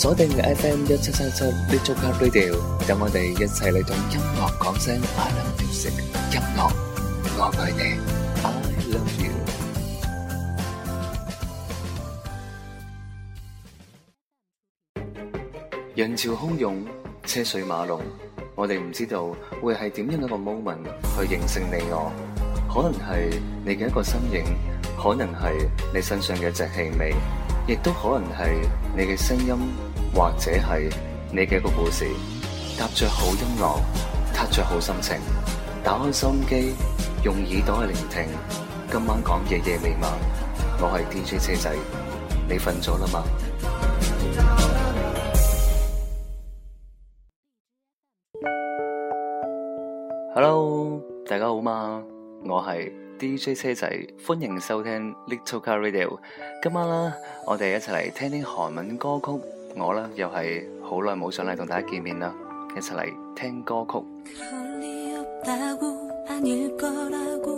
鎖定嘅 FM 一七三七，的足卡 radio，等我哋一齊嚟同音樂講聲 I love music，音樂，我愛你，I love you。人潮洶湧，車水馬龍，我哋唔知道會係點樣一個 moment 去形成你我，可能係你嘅一個身影，可能係你身上嘅一陣氣味，亦都可能係你嘅聲音。或者係你嘅一個故事，搭着好音樂，搭着好心情，打開收音機，用耳朵去聆聽。今晚講夜夜未晚，我係 DJ 車仔，你瞓咗啦嘛？Hello，大家好嘛？我係 DJ 車仔，歡迎收聽 Little Car Radio。今晚啦，我哋一齊嚟聽聽韓文歌曲。我呢，又係好耐冇上嚟同大家見面啦，一齊嚟聽歌曲。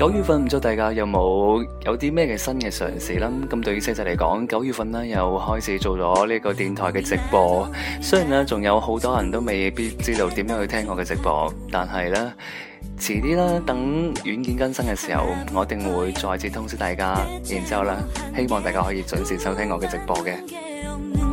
九月份唔知大家有冇有啲咩嘅新嘅嘗試啦？咁對於車仔嚟講，九月份呢又開始做咗呢個電台嘅直播。雖然呢仲有好多人都未必知道點樣去聽我嘅直播，但係呢遲啲啦，等軟件更新嘅時候，我一定會再次通知大家。然之後呢，希望大家可以準時收聽我嘅直播嘅。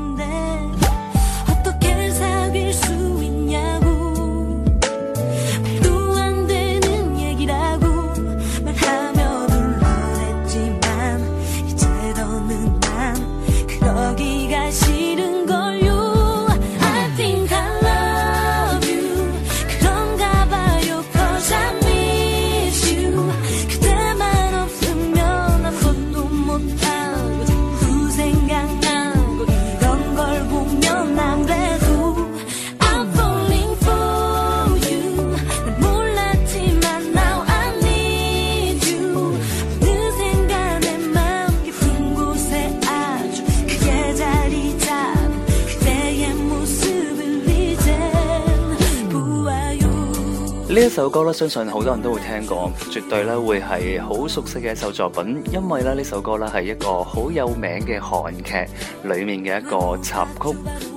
呢首歌咧，相信好多人都會聽過，絕對咧會係好熟悉嘅一首作品，因為咧呢首歌咧係一個好有名嘅韓劇裏面嘅一個插曲，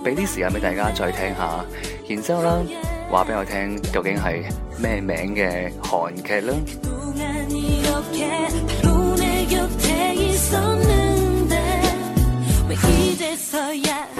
俾啲時間俾大家再聽下，然之後咧話俾我聽究竟係咩名嘅韓劇咧。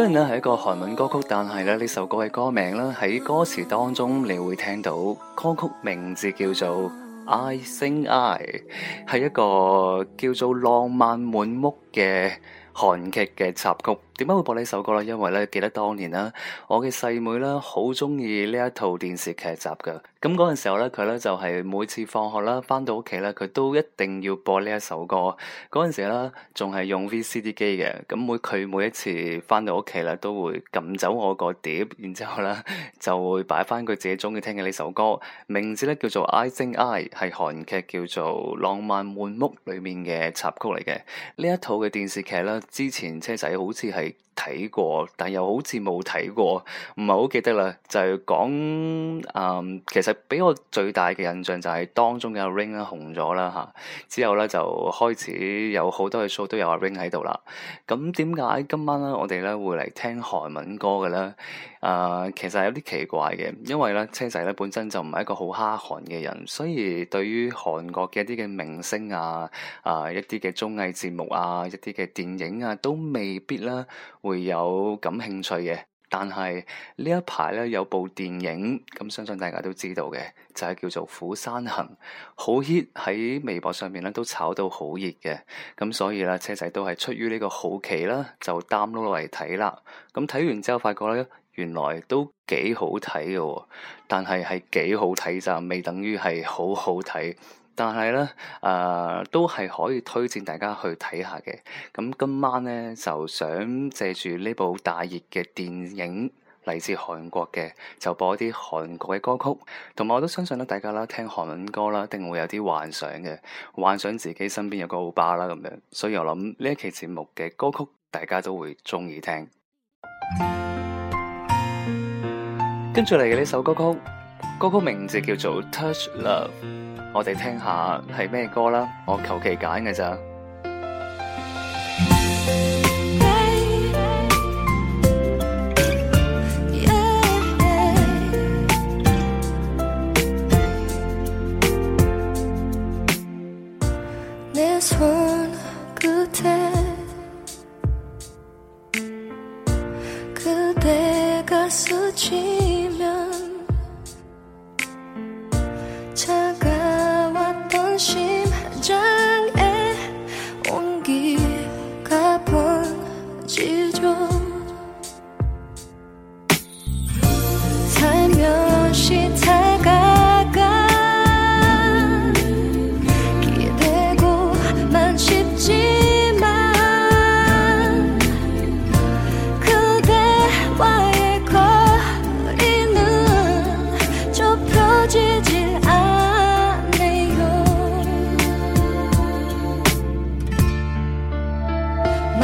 雖然呢係一個韓文歌曲，但係咧呢首歌嘅歌名呢，喺歌詞當中你會聽到，歌曲名字叫做《I Sing I》，係一個叫做《浪漫滿屋》嘅韓劇嘅插曲。點解會播呢首歌呢？因為咧記得當年咧，我嘅細妹咧好中意呢一套電視劇集嘅。咁嗰陣時候咧，佢咧就係、是、每次放學啦，翻到屋企咧，佢都一定要播呢一首歌。嗰陣時咧，仲係用 VCD 機嘅。咁每佢每一次翻到屋企啦，都會撳走我個碟，然之後咧就會擺翻佢自己中意聽嘅呢首歌，名字咧叫做《I Think I》，係韓劇叫做《浪漫滿屋》裏面嘅插曲嚟嘅。呢一套嘅電視劇咧，之前車仔好似係，睇過，但又好似冇睇過，唔係好記得啦。就係、是、講，嗯，其實俾我最大嘅印象就係當中嘅阿 Rain 啦，紅咗啦嚇，之後咧就開始有好多嘅 show 都有阿 Rain 喺度啦。咁點解今晚咧我哋咧會嚟聽韓文歌嘅咧？誒、uh, 其實有啲奇怪嘅，因為咧車仔咧本身就唔係一個好哈韓嘅人，所以對於韓國嘅一啲嘅明星啊、誒、啊、一啲嘅綜藝節目啊、一啲嘅電影啊，都未必啦會有感興趣嘅。但係呢一排咧有部電影咁、嗯，相信大家都知道嘅，就係、是、叫做《釜山行》，好 hit 喺微博上面咧都炒到好熱嘅。咁、嗯、所以咧，車仔都係出於呢個好奇啦，就 download 落嚟睇啦。咁、嗯、睇完之後，發覺咧～原來都幾好睇嘅、哦，但係係幾好睇就未等於係好好睇。但係呢，誒、呃，都係可以推薦大家去睇下嘅。咁今晚呢，就想借住呢部大熱嘅電影嚟自韓國嘅，就播一啲韓國嘅歌曲。同埋，我都相信咧，大家啦聽韓文歌啦，一定會有啲幻想嘅，幻想自己身邊有個歐巴啦咁樣。所以我諗呢一期節目嘅歌曲，大家都會中意聽。跟住嚟嘅呢首歌曲，歌曲名字叫做《Touch Love》，我哋聽下係咩歌啦？我求其揀嘅咋。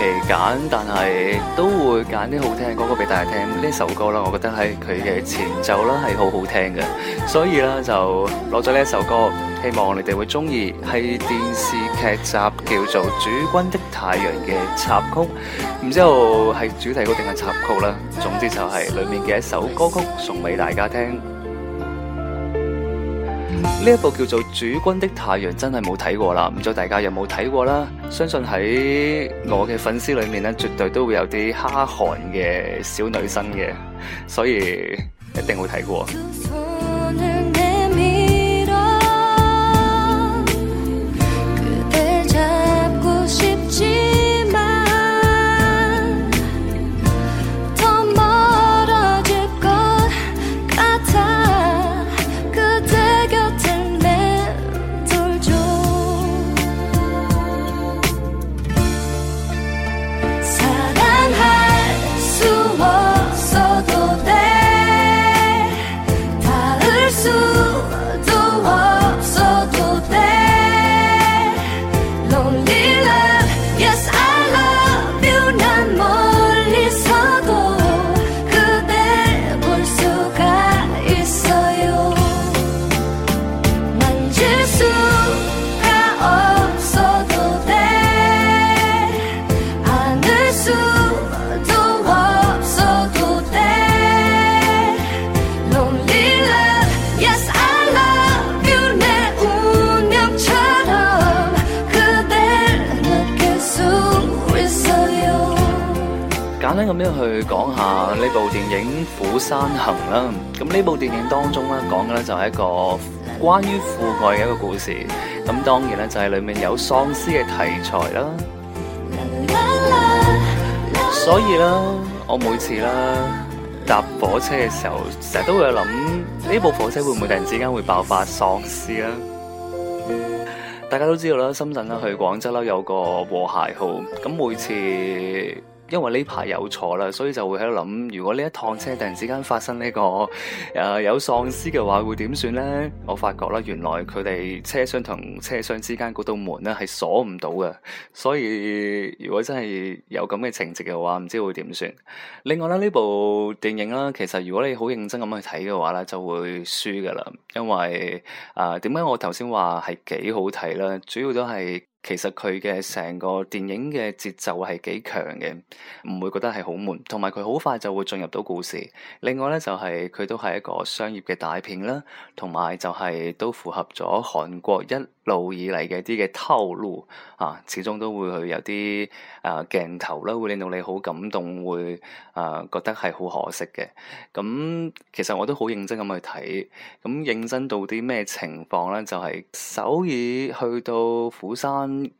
期揀，但係都會揀啲好聽嘅歌曲俾大家聽。呢首歌啦，我覺得喺佢嘅前奏啦係好好聽嘅，所以啦就攞咗呢一首歌，希望你哋會中意。係電視劇集叫做《主君的太陽》嘅插曲，唔知道係主題曲定係插曲啦。總之就係裏面嘅一首歌曲，送俾大家聽。呢一部叫做《主君的太陽》真係冇睇過啦，唔知道大家有冇睇過啦？相信喺我嘅粉絲裏面咧，絕對都會有啲哈韓嘅小女生嘅，所以一定會睇過。山行啦，咁呢部電影當中咧講嘅咧就係一個關於父愛嘅一個故事，咁當然咧就係裏面有喪屍嘅題材啦，所以啦，我每次啦搭火車嘅時候，成日都會諗呢部火車會唔會突然之間會爆發喪屍啦？嗯，大家都知道啦，深圳啦去廣州啦有個和諧號，咁每次。因為呢排有坐啦，所以就會喺度諗，如果呢一趟車突然之間發生呢個誒，呃，有喪屍嘅話，會點算呢？我發覺咧，原來佢哋車廂同車廂之間嗰道門咧係鎖唔到嘅，所以如果真係有咁嘅情節嘅話，唔知會點算。另外咧，呢部電影啦，其實如果你好認真咁去睇嘅話咧，就會輸噶啦，因為誒點解我頭先話係幾好睇咧？主要都係。其實佢嘅成個電影嘅節奏係幾強嘅，唔會覺得係好悶，同埋佢好快就會進入到故事。另外咧就係佢都係一個商業嘅大片啦，同埋就係都符合咗韓國一。路以嚟嘅啲嘅套路，啊，始終都會去有啲啊鏡頭啦，會令到你好感動，會啊、呃、覺得係好可惜嘅。咁、嗯、其實我都好認真咁去睇，咁、嗯、認真到啲咩情況咧？就係、是、首爾去到釜山。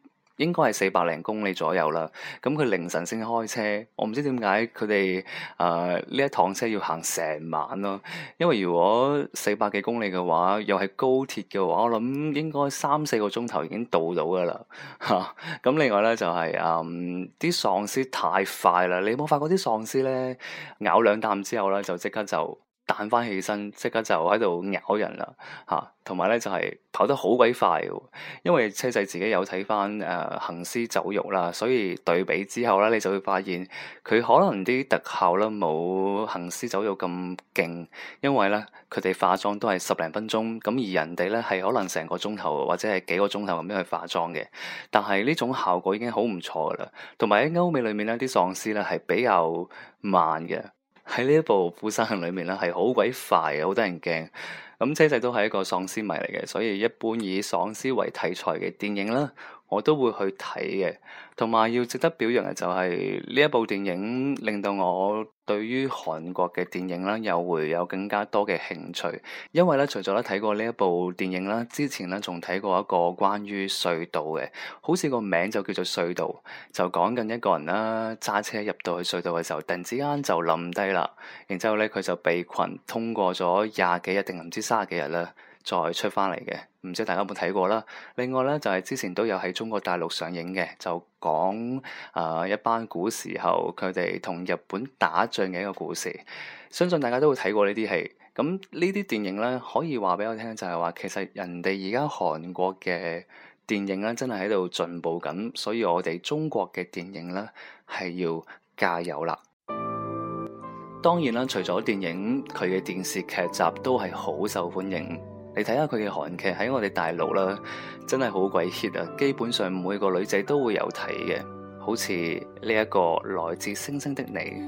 應該係四百零公里左右啦。咁佢凌晨先開車，我唔知點解佢哋誒呢一趟車要行成晚咯。因為如果四百幾公里嘅話，又係高鐵嘅話，我諗應該三四個鐘頭已經到到㗎啦嚇。咁、啊、另外咧就係誒啲喪屍太快啦，你冇發覺啲喪屍咧咬兩啖之後咧就即刻就。彈翻起身，即刻就喺度咬人啦嚇，同埋咧就係跑得好鬼快喎。因為車仔自己有睇翻誒《行屍走肉》啦，所以對比之後咧，你就會發現佢可能啲特效咧冇《行屍走肉》咁勁，因為咧佢哋化妝都係十零分鐘，咁而人哋咧係可能成個鐘頭或者係幾個鐘頭咁樣去化妝嘅。但係呢種效果已經好唔錯噶啦。同埋喺歐美裏面咧，啲喪屍咧係比較慢嘅。喺呢一部《釜山行》裏面咧，係好鬼快嘅，好得人驚。咁，車仔都係一個喪屍迷嚟嘅，所以一般以喪屍為題材嘅電影啦。我都會去睇嘅，同埋要值得表揚嘅就係呢一部電影令到我對於韓國嘅電影啦又會有更加多嘅興趣，因為咧除咗咧睇過呢一部電影啦，之前咧仲睇過一個關於隧道嘅，好似個名就叫做隧道，就講緊一個人啦揸車入到去隧道嘅時候，突然之間就冧低啦，然之後咧佢就被群通過咗廿幾日定唔知卅幾日啦。再出翻嚟嘅，唔知大家有冇睇過啦。另外呢，就係、是、之前都有喺中國大陸上映嘅，就講誒、呃、一班古時候佢哋同日本打仗嘅一個故事。相信大家都會睇過呢啲戲。咁呢啲電影呢，可以話俾我聽就，就係話其實人哋而家韓國嘅電影呢，真係喺度進步緊，所以我哋中國嘅電影呢，係要加油啦。當然啦，除咗電影，佢嘅電視劇集都係好受歡迎。你睇下佢嘅韓劇喺我哋大陸啦，真係好鬼 hit 啊！基本上每個女仔都會有睇嘅，好似呢一個來自星星的你。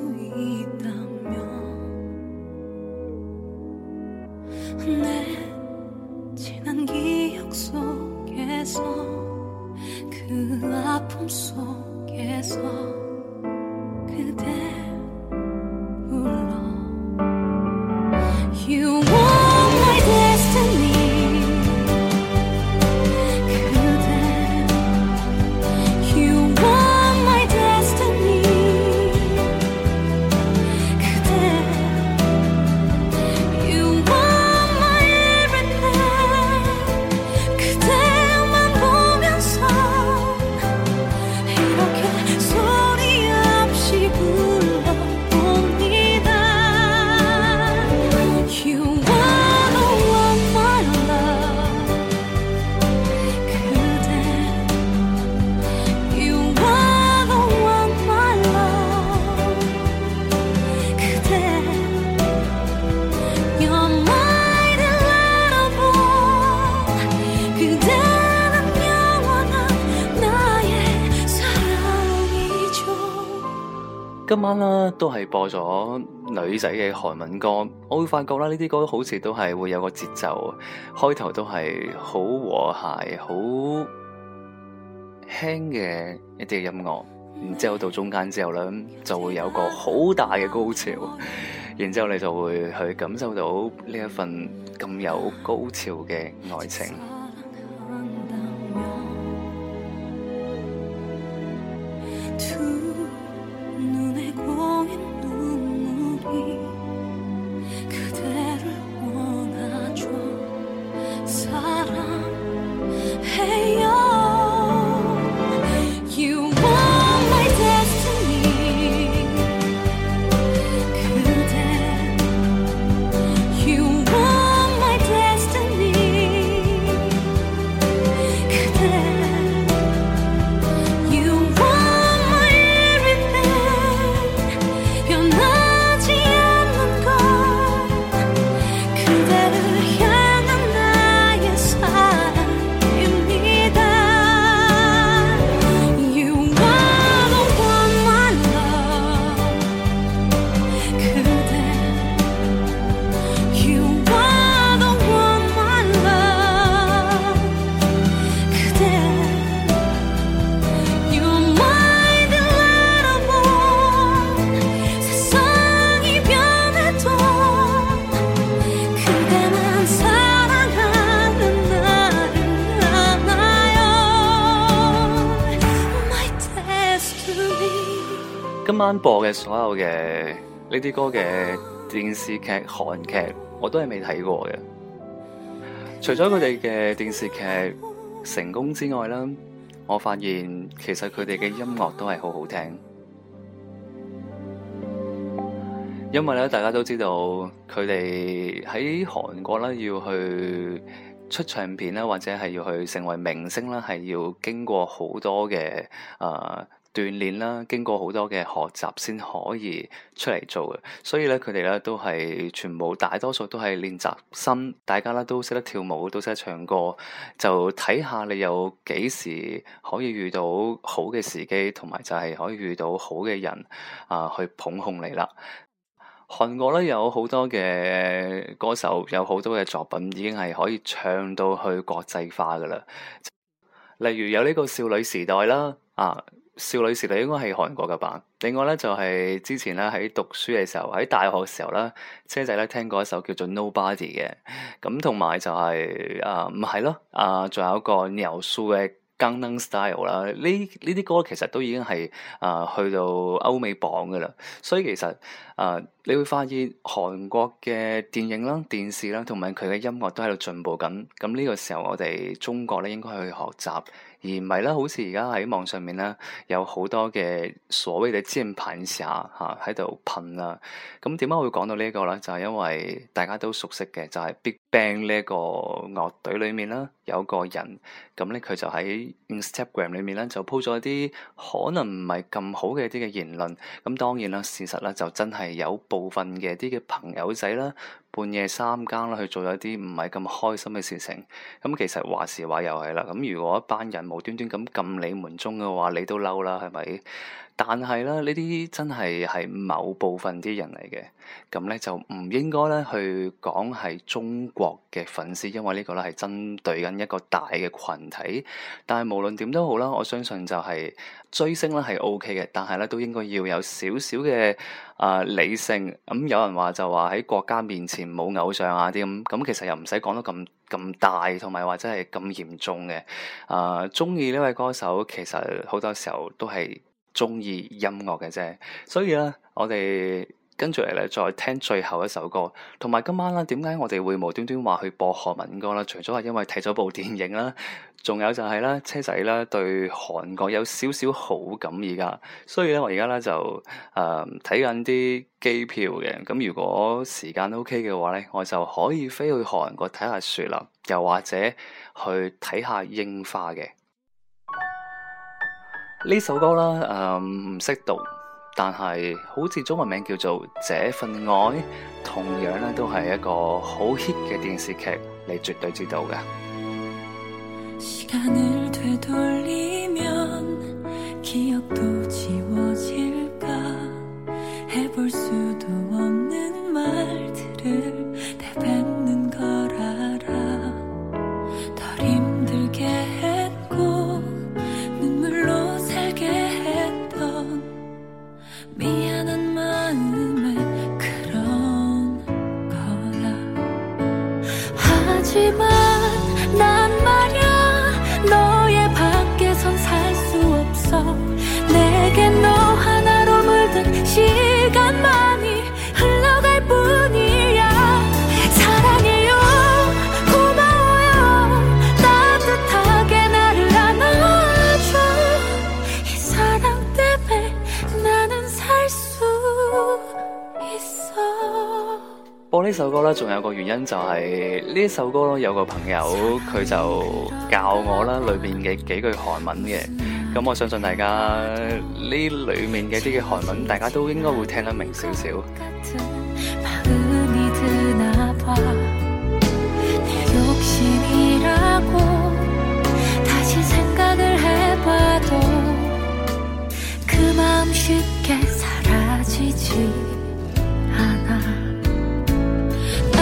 啦，都係播咗女仔嘅韓文歌，我會發覺啦，呢啲歌好似都係會有個節奏，開頭都係好和諧、好輕嘅一啲音樂，然之後到中間之後咧，就會有個好大嘅高潮，然之後你就會去感受到呢一份咁有高潮嘅愛情。播嘅所有嘅呢啲歌嘅電視劇、韓劇，我都係未睇過嘅。除咗佢哋嘅電視劇成功之外啦，我發現其實佢哋嘅音樂都係好好聽。因為咧，大家都知道佢哋喺韓國咧要去出唱片啦，或者係要去成為明星啦，係要經過好多嘅啊。呃鍛鍊啦，經過好多嘅學習先可以出嚟做嘅，所以咧，佢哋咧都係全部大多數都係練習生，大家咧都識得跳舞，都識得唱歌，就睇下你有幾時可以遇到好嘅時機，同埋就係可以遇到好嘅人啊，去捧紅你啦。韓國咧有好多嘅歌手，有好多嘅作品已經係可以唱到去國際化㗎啦，例如有呢個少女時代啦啊。少女時代應該係韓國嘅版。另外咧就係之前咧喺讀書嘅時候，喺大學嘅時候咧，車仔咧聽過一首叫做 Nobody 嘅。咁同埋就係、是、啊，唔係咯，啊仲有一個鳥叔嘅 Gangnam Style 啦。呢呢啲歌其實都已經係啊去到歐美榜嘅啦。所以其實啊，你會發現韓國嘅電影啦、電視啦，同埋佢嘅音樂都喺度進步緊。咁呢個時候我哋中國咧應該去學習。而唔係啦，好似而家喺網上面咧，有好多嘅所謂嘅鍵盤俠嚇喺度噴啦。咁點解會講到呢一個咧？就係、是、因為大家都熟悉嘅，就係、是、Big Bang 呢一個樂隊裏面啦，有個人咁咧，佢就喺 Instagram 裏面咧就 po 咗一啲可能唔係咁好嘅啲嘅言論。咁、啊、當然啦，事實咧就真係有部分嘅啲嘅朋友仔啦。半夜三更啦，去做咗一啲唔係咁開心嘅事情，咁其實話時話又係啦，咁如果一班人無端端咁撳你門鐘嘅話，你都嬲啦，係咪？但係咧，呢啲真係係某部分啲人嚟嘅，咁咧就唔應該咧去講係中國嘅粉絲，因為呢個咧係針對緊一個大嘅群體。但係無論點都好啦，我相信就係追星咧係 OK 嘅，但係咧都應該要有少少嘅啊理性。咁、嗯、有人話就話喺國家面前冇偶像啊啲咁，咁、嗯、其實又唔使講到咁咁大，同埋或者係咁嚴重嘅。啊、呃，中意呢位歌手其實好多時候都係。鍾意音樂嘅啫，所以咧，我哋跟住嚟咧再聽最後一首歌，同埋今晚咧，點解我哋會無端端話去播韓文歌咧？除咗係因為睇咗部電影啦，仲有就係咧車仔咧對韓國有少少好感而家，所以咧我而家咧就誒睇緊啲機票嘅，咁如果時間 OK 嘅話咧，我就可以飛去韓國睇下雪啦，又或者去睇下櫻花嘅。呢首歌啦，嗯，唔識讀，但係好似中文名叫做這份愛，同樣咧都係一個好 hit 嘅電視劇，你絕對知道嘅。 就係呢首歌咯，有個朋友佢就教我啦，裏面嘅幾句韓文嘅，咁我相信大家呢裏面嘅啲嘅韓文，大家都應該會聽得明少少。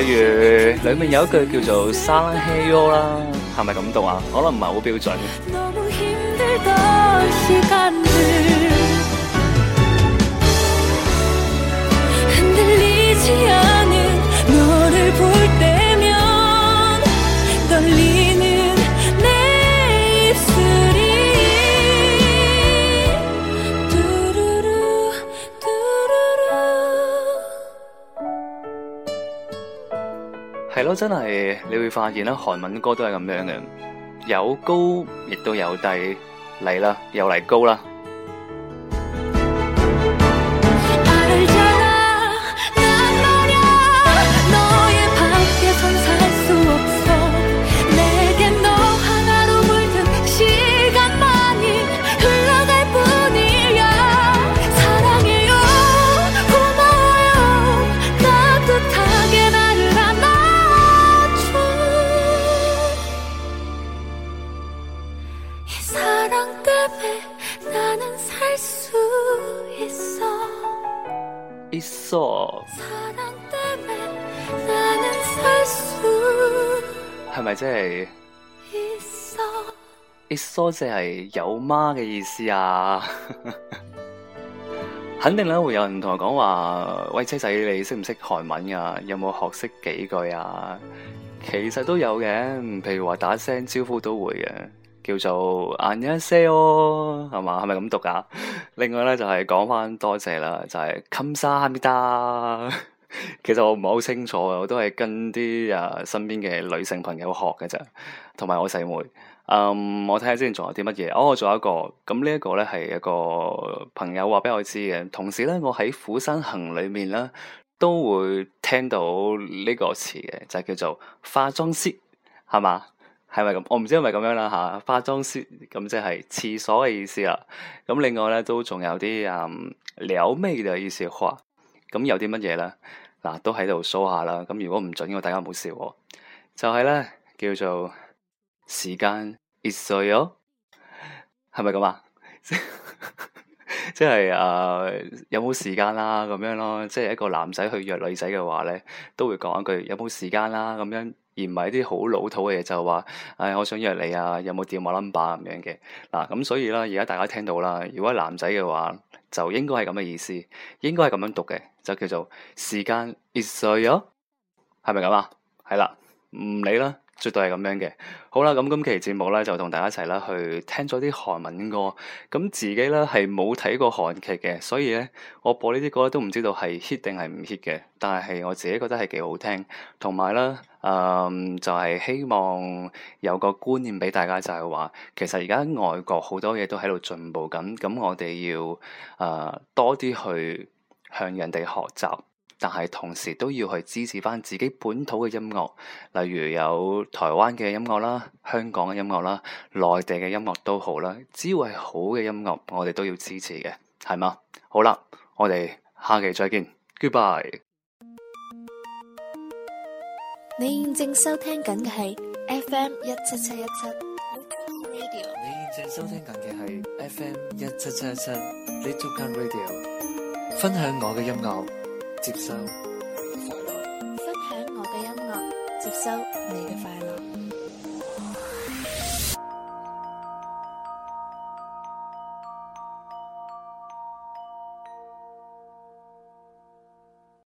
例如，裡面有一句叫做“山嘿喲”啦，係咪咁讀啊？可能唔係好標準。係咯，真係你會發現啦，韓文歌都係咁樣嘅，有高亦都有低嚟啦，又嚟高啦。多謝係有媽嘅意思啊！ 肯定咧會有人同我講話，喂，車仔你識唔識韓文啊？有冇學識幾句啊？其實都有嘅，譬如話打聲招呼都會嘅，叫做안녕하세요，係嘛？係咪咁讀啊？另外咧就係講翻多謝啦，就係、是、감사합니다。 其實我唔係好清楚啊，我都係跟啲誒身邊嘅女性朋友學嘅咋，同埋我細妹，妹。嗯，um, 我睇下之前仲有啲乜嘢，哦，仲有一個，咁呢一個咧係一個朋友話俾我知嘅，同時咧我喺《虎山行》裏面咧都會聽到呢個詞嘅，就係、是、叫做化妝師，係嘛？係咪咁？我唔知係咪咁樣啦吓、啊，化妝師咁即係廁所嘅意思啦。咁另外咧都仲有啲嗯撩妹嘅意思，吓，咁有啲乜嘢咧？嗱、啊，都喺度梳下啦。咁如果唔準嘅，大家唔好笑我。就係、是、咧叫做。時間 is so，係咪咁啊？即係誒，有冇時間啦咁樣咯？即係一個男仔去約女仔嘅話咧，都會講一句有冇時間啦、啊、咁樣，而唔係啲好老土嘅嘢，就係、是、話、哎、我想約你啊，有冇電我冧巴？」m 咁樣嘅嗱咁。所以咧，而家大家聽到啦，如果係男仔嘅話，就應該係咁嘅意思，應該係咁樣讀嘅，就叫做時間 is so，係咪咁啊？係啦，唔理啦。絕對係咁樣嘅。好啦，咁今期節目咧就同大家一齊咧去聽咗啲韓文歌，咁自己咧係冇睇過韓劇嘅，所以咧我播呢啲歌都唔知道係 hit 定係唔 hit 嘅。但係我自己覺得係幾好聽，同埋咧誒就係、是、希望有個觀念俾大家就係、是、話，其實而家外國好多嘢都喺度進步緊，咁我哋要誒、呃、多啲去向人哋學習。但係同時都要去支持翻自己本土嘅音樂，例如有台灣嘅音樂啦、香港嘅音樂啦、內地嘅音樂都好啦，只要係好嘅音樂，我哋都要支持嘅，係嘛？好啦，我哋下期再見，Goodbye。你現正收聽緊嘅係 FM 一七七一七。你現正收聽緊嘅係 FM 一七七一七。Little Can Radio。分享我嘅音樂。接收分享我嘅音樂，接收你嘅快樂。 樂